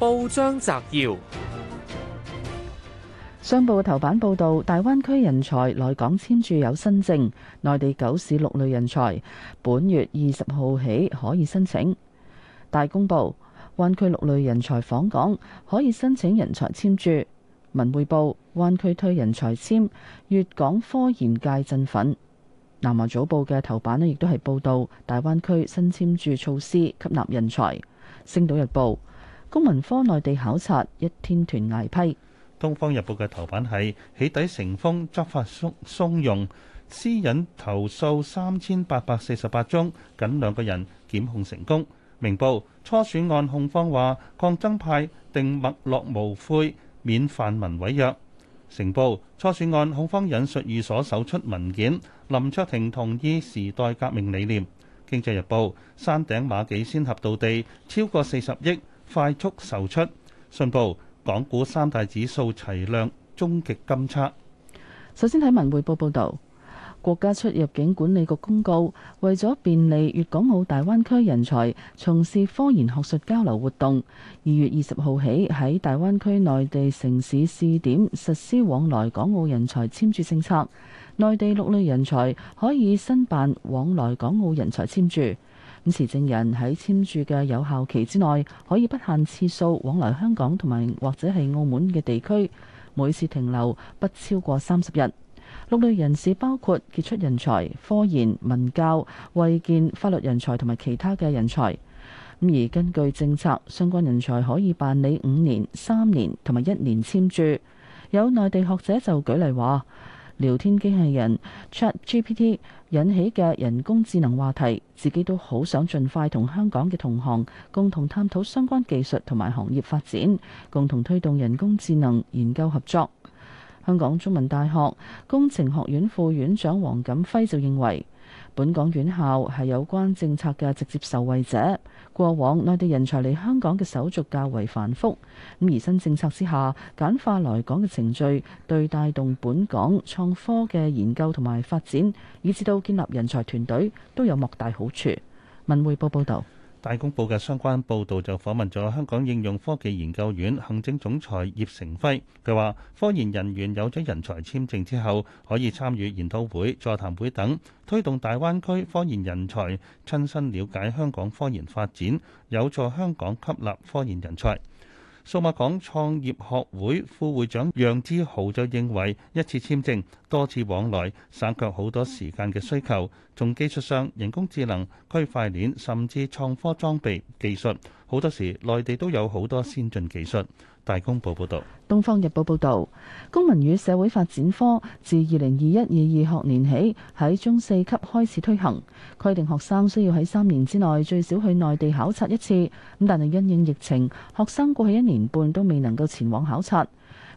報章摘要：商報嘅頭版報道，大灣區人才來港簽注有新政，內地九市六類人才本月二十號起可以申請。大公報，灣區六類人才訪港可以申請人才簽注。文匯報：灣區推人才簽，粵港科研界振奮。南華早報嘅頭版呢，亦都係報道大灣區新簽注措施吸納人才。星島日報。公民科內地考察一天團挨批。《東方日報》嘅頭版係起底成風，執法鬆鬆，容私隱投訴三千八百四十八宗，僅兩個人檢控成功。明報，初選案控方話抗爭派定脈絡，無悔免泛民毀約。成報，初選案控方引述寓所搜出文件，林卓廷同意時代革命理念。《經濟日報》山頂馬己仙峽道地超過四十億，快速售出，信報港股三大指數齊量終極金測。首先睇文匯報報道，國家出入境管理局公告，為咗便利粵港澳大灣區人才從事科研學術交流活動，二月二十號起喺大灣區內地城市試點實施往來港澳人才簽注政策，內地六類人才可以申辦往來港澳人才簽注。咁持證人喺簽注嘅有效期之內，可以不限次數往來香港同埋或者係澳門嘅地區，每次停留不超過三十日。六類人士包括傑出人才、科研、文教、衞健、法律人才同埋其他嘅人才。咁而根據政策，相關人才可以辦理五年、三年同埋一年簽注。有內地學者就舉例話：聊天機器人 ChatGPT，引起嘅人工智能話題，自己都好想盡快同香港嘅同行共同探討相關技術同埋行業發展，共同推動人工智能研究合作。香港中文大學工程學院副院長黃錦輝就認為。本港院校係有關政策嘅直接受惠者。過往內地人才嚟香港嘅手續較為繁複，咁而新政策之下簡化來港嘅程序，對帶動本港創科嘅研究同埋發展，以至到建立人才團隊都有莫大好處。文匯報報道。大公報嘅相關報導就訪問咗香港應用科技研究院行政總裁葉成輝，佢話：科研人員有咗人才簽證之後，可以參與研討會、座談會等，推動大灣區科研人才親身了解香港科研發展，有助香港吸納科研人才。數碼港創業學會副會長楊之豪就認為，一次簽證多次往來，省卻好多時間嘅需求，從技術上，人工智能、區塊鏈，甚至創科裝備技術。好多時，內地都有好多先進技術。大公報報導。《東方日報》報導，公民與社會發展科自二零二一二二學年起喺中四級開始推行，規定學生需要喺三年之內最少去內地考察一次。咁但係因應疫情，學生過去一年半都未能夠前往考察。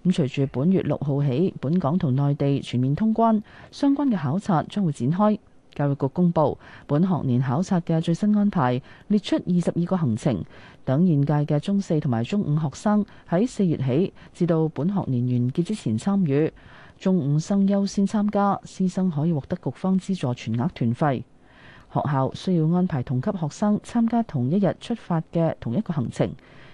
咁隨住本月六號起，本港同內地全面通關，相關嘅考察將會展開。教育局公布，本學年考察嘅最新安排，列出二十二個行程，等現屆嘅中四同埋中五學生喺四月起至到本學年完結之前參與。中五生優先參加，師生可以獲得局方資助全額團費。學校需要安排同級學生參加同一日出發嘅同一個行程，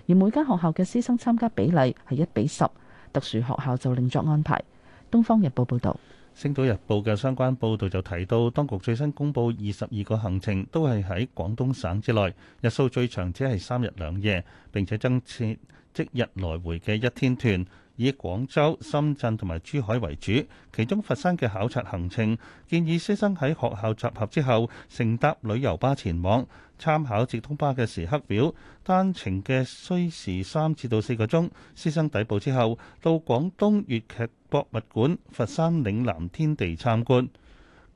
而每間學校嘅師生參加比例係一比十。特殊學校就另作安排。東方日報報道。《星島日報》嘅相關報導就提到，當局最新公布二十二個行程都係喺廣東省之內，日數最長只係三日兩夜，並且增設即日來回嘅一天團。以廣州、深圳同埋珠海為主，其中佛山嘅考察行程建議師生喺學校集合之後乘搭旅遊巴前往。參考直通巴嘅時刻表，單程嘅需時三至到四個鐘。師生抵埗之後，到廣東粵劇博物館、佛山嶺南天地參觀。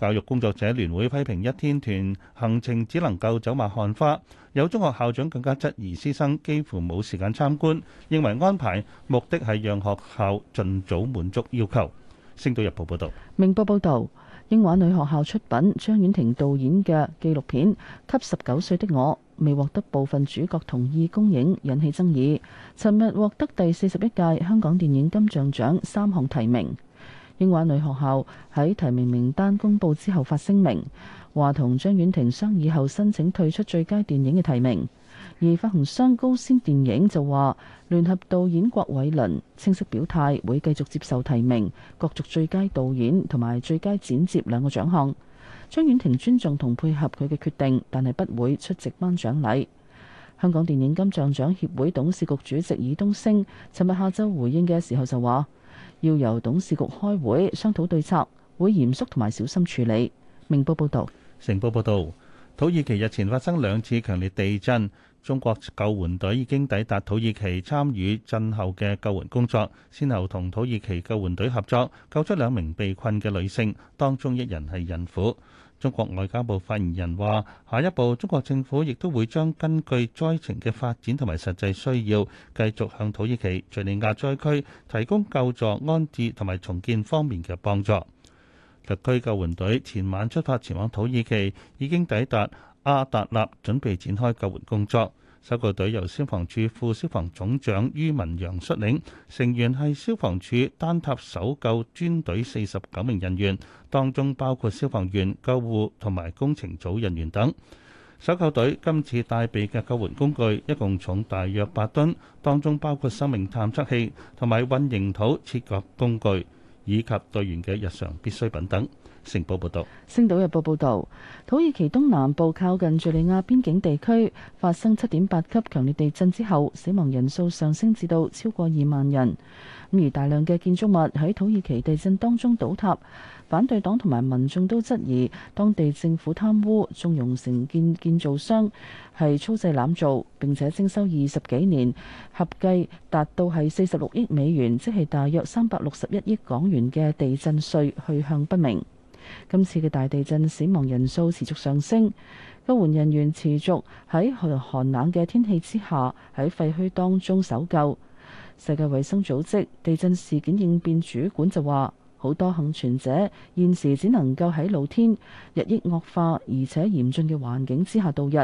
教育工作者聯會批評一天團行程只能夠走馬看花，有中學校長更加質疑師生幾乎冇時間參觀，認為安排目的係讓學校盡早滿足要求。星島日報報道。明報報道，英華女學校出品張婉婷導演嘅紀錄片《給十九歲的我》，未獲得部分主角同意公映，引起爭議。尋日獲得第四十一屆香港電影金像獎三項提名。英華女學校喺提名名單公布之後發聲明，話同張婉婷商議後申請退出最佳電影嘅提名。而發行商高先電影就話，聯合導演郭偉倫清晰表態會繼續接受提名角逐最佳導演同埋最佳剪接兩個獎項。張婉婷尊重同配合佢嘅決定，但係不會出席頒獎禮。香港電影金像獎協會董事局主席爾冬升，尋日下晝回應嘅時候就話。要由董事局開會商討對策，會嚴肅同埋小心處理。明報報道：成報報道，土耳其日前發生兩次強烈地震。中國救援隊已經抵達土耳其，參與震後嘅救援工作，先後同土耳其救援隊合作，救出兩名被困嘅女性，當中一人係孕婦。中國外交部發言人話：下一步，中國政府亦都會將根據災情嘅發展同埋實際需要，繼續向土耳其、敍利亞災區提供救助、安置同埋重建方面嘅幫助。特區救援隊前晚出發前往土耳其，已經抵達。阿達納準備展開救援工作。搜救隊由消防處副消防總長於文洋率領，成員係消防處單塔搜救專隊四十九名人員，當中包括消防員、救護同埋工程組人員等。搜救隊今次帶備嘅救援工具一共重大約八噸，當中包括生命探測器同埋混凝土切割工具，以及隊員嘅日常必需品等。星報報導，《星島日報》報導，土耳其東南部靠近敍利亞邊境地區發生七點八級強烈地震之後，死亡人數上升至到超過二萬人。咁而大量嘅建築物喺土耳其地震當中倒塌，反對黨同埋民眾都質疑當地政府貪污縱容城建建造商係粗製濫造，並且徵收二十幾年合計達到係四十六億美元，即係大約三百六十一億港元嘅地震稅去向不明。今次嘅大地震死亡人數持續上升，救援人員持續喺寒冷嘅天氣之下喺廢墟當中搜救。世界衛生組織地震事件應變主管就話，好多倖存者現時只能夠喺露天日益惡化而且嚴峻嘅環境之下度日，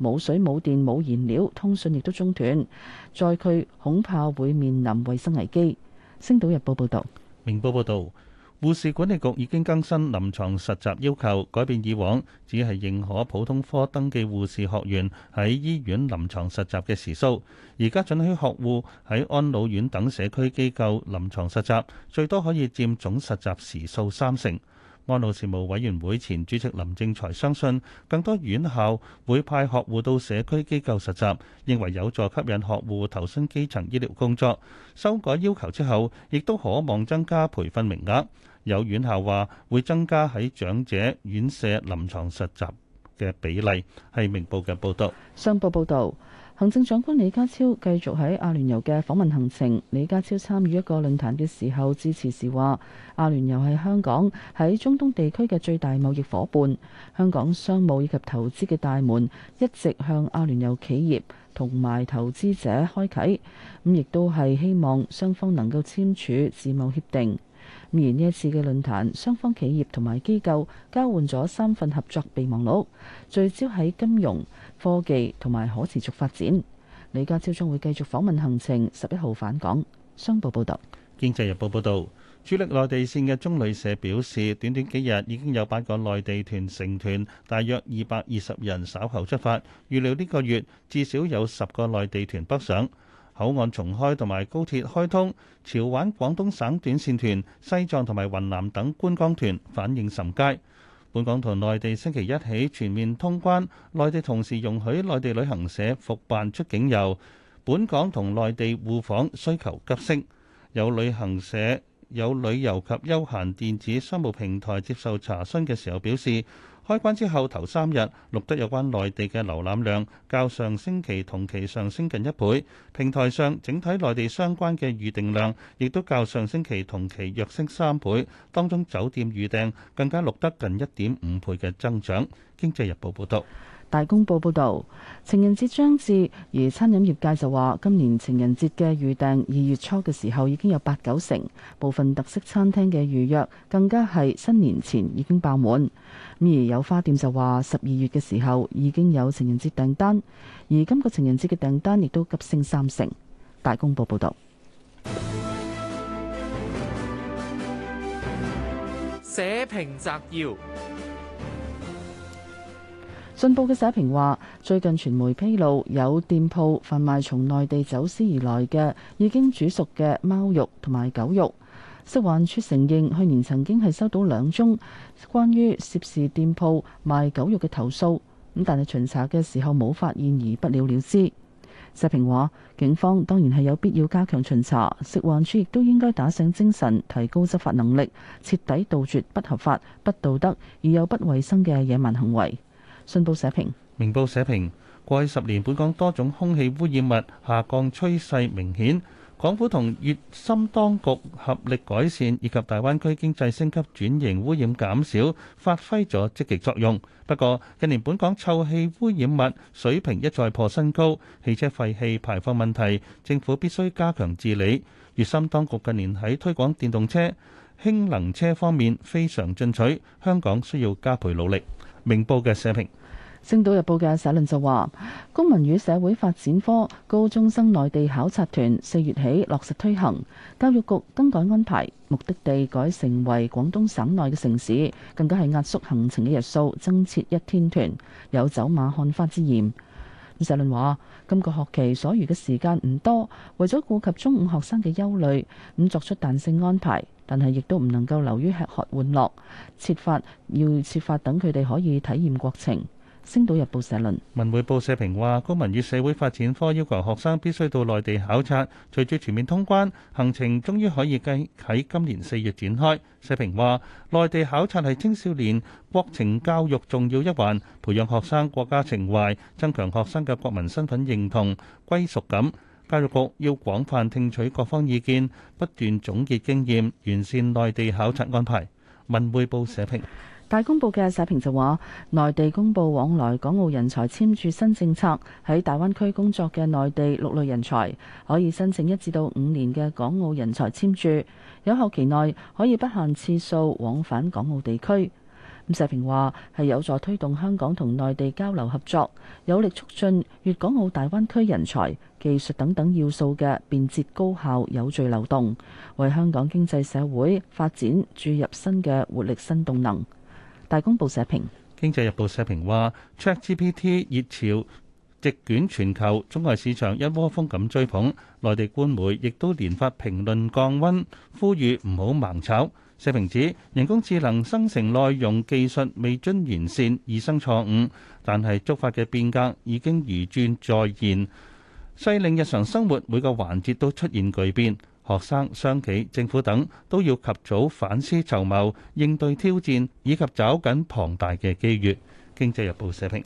冇水冇電冇燃料，通訊亦都中斷，災區恐怕會面臨衛生危機。星島日報報道，明報報道。護士管理局已經更新臨床實習要求，改變以往只係認可普通科登記護士學員喺醫院臨床實習嘅時數，而家準許學護喺安老院等社區機構臨床實習，最多可以佔總實習時數三成。安老事務委員會前主席林正財相信，更多院校會派學護到社區機構實習，認為有助吸引學護投身基層醫療工作。修改要求之後，亦都可望增加培訓名額。有院校話會增加喺長者院舍臨床實習嘅比例。係明報嘅報導。商報報導，行政長官李家超繼續喺阿聯酋嘅訪問行程。李家超參與一個論壇嘅時候，致辭時話：阿聯酋係香港喺中東地區嘅最大貿易夥伴，香港商務以及投資嘅大門一直向阿聯酋企業同埋投資者開啓。咁亦都係希望雙方能夠簽署自貿協定。而呢一次嘅論壇，雙方企業同埋機構交換咗三份合作備忘錄，聚焦喺金融、科技同埋可持續發展。李家超將會繼續訪問行程，十一號返港。商報報導，《經濟日報》報導，主力內地線嘅中旅社表示，短短幾日已經有八個內地團成團，大約二百二十人稍後出發，預料呢個月至少有十個內地團北上。口岸重開同埋高鐵開通，潮玩廣東省短線團、西藏同埋雲南等觀光團反應甚佳。本港同內地星期一起全面通關，內地同時容許內地旅行社復辦出境遊，本港同內地互訪需求急升。有旅行社、有旅遊及休閒電子商務平台接受查詢嘅時候表示。開關之後頭三日錄得有關內地嘅瀏覽量，較上星期同期上升近一倍。平台上整體內地相關嘅預定量，亦都較上星期同期躍升三倍。當中酒店預訂更加錄得近一點五倍嘅增長。經濟日報報道。大公報報道，情人節將至，而餐飲業界就話，今年情人節嘅預訂二月初嘅時候已經有八九成，部分特色餐廳嘅預約更加係新年前已經爆滿。咁而有花店就話十二月嘅時候已經有情人節訂單，而今個情人節嘅訂單亦都急升三成。大公報報道社評摘要。進步嘅社評話，最近傳媒披露有店鋪販賣從內地走私而來嘅已經煮熟嘅貓肉同埋狗肉。食環署承認去年曾經係收到兩宗關於涉事店鋪賣狗肉嘅投訴，咁但係巡查嘅時候冇發現而不了了之。社評話警方當然係有必要加強巡查，食環署亦都應該打醒精神，提高執法能力，徹底杜絕不合法、不道德而又不衛生嘅野蠻行為。信報社評，明報社評，過去十年本港多種空氣污染物下降趨勢明顯。港府同粵深當局合力改善，以及大灣區經濟升級轉型、污染減少，發揮咗積極作用。不過近年本港臭氣污染物水平一再破新高，汽車廢氣排放問題，政府必須加強治理。粵深當局近年喺推廣電動車、氫能車方面非常進取，香港需要加倍努力。明報嘅社評。《星島日報》嘅社論就話，公民與社會發展科高中生內地考察團四月起落實推行，教育局更改安排，目的地改成為廣東省內嘅城市，更加係壓縮行程嘅日數，增設一天團，有走馬看花之嫌。社論話，今個學期所餘嘅時間唔多，為咗顧及中五學生嘅憂慮，咁作出彈性安排，但係亦都唔能夠流於吃喝玩樂，設法要設法等佢哋可以體驗國情。星島日報社論：文匯報社評話，公民與社會發展科要求學生必須到內地考察。隨住全面通關，行程終於可以計喺今年四月展開。社評話，內地考察係青少年國情教育重要一環，培養學生國家情懷，增強學生嘅國民身份認同、歸屬感。教育局要廣泛聽取各方意見，不斷總結經驗，完善內地考察安排。文匯報社評。大公報嘅社評就話，內地公布往來港澳人才簽注新政策，喺大灣區工作嘅內地六類人才可以申請一至到五年嘅港澳人才簽注，有效期內可以不限次數往返港澳地區。咁社評話係有助推動香港同內地交流合作，有力促進粵港澳大灣區人才、技術等等要素嘅便捷高效有序流動，為香港經濟社會發展注入新嘅活力、新動能。大公報社評。經濟日報社評話 ChatGPT 熱潮席捲全球，中外市場一窩蜂咁追捧，內地官媒亦都連發評論降溫，呼籲唔好盲炒。社評指人工智能生成內容技術未臻完善，易生錯誤，但係觸發嘅變革已經如箭在弦，勢令日常生活每個環節都出現巨變。學生、商企、政府等都要及早反思籌謀，應對挑戰，以及抓緊龐大嘅機遇。經濟日報社評。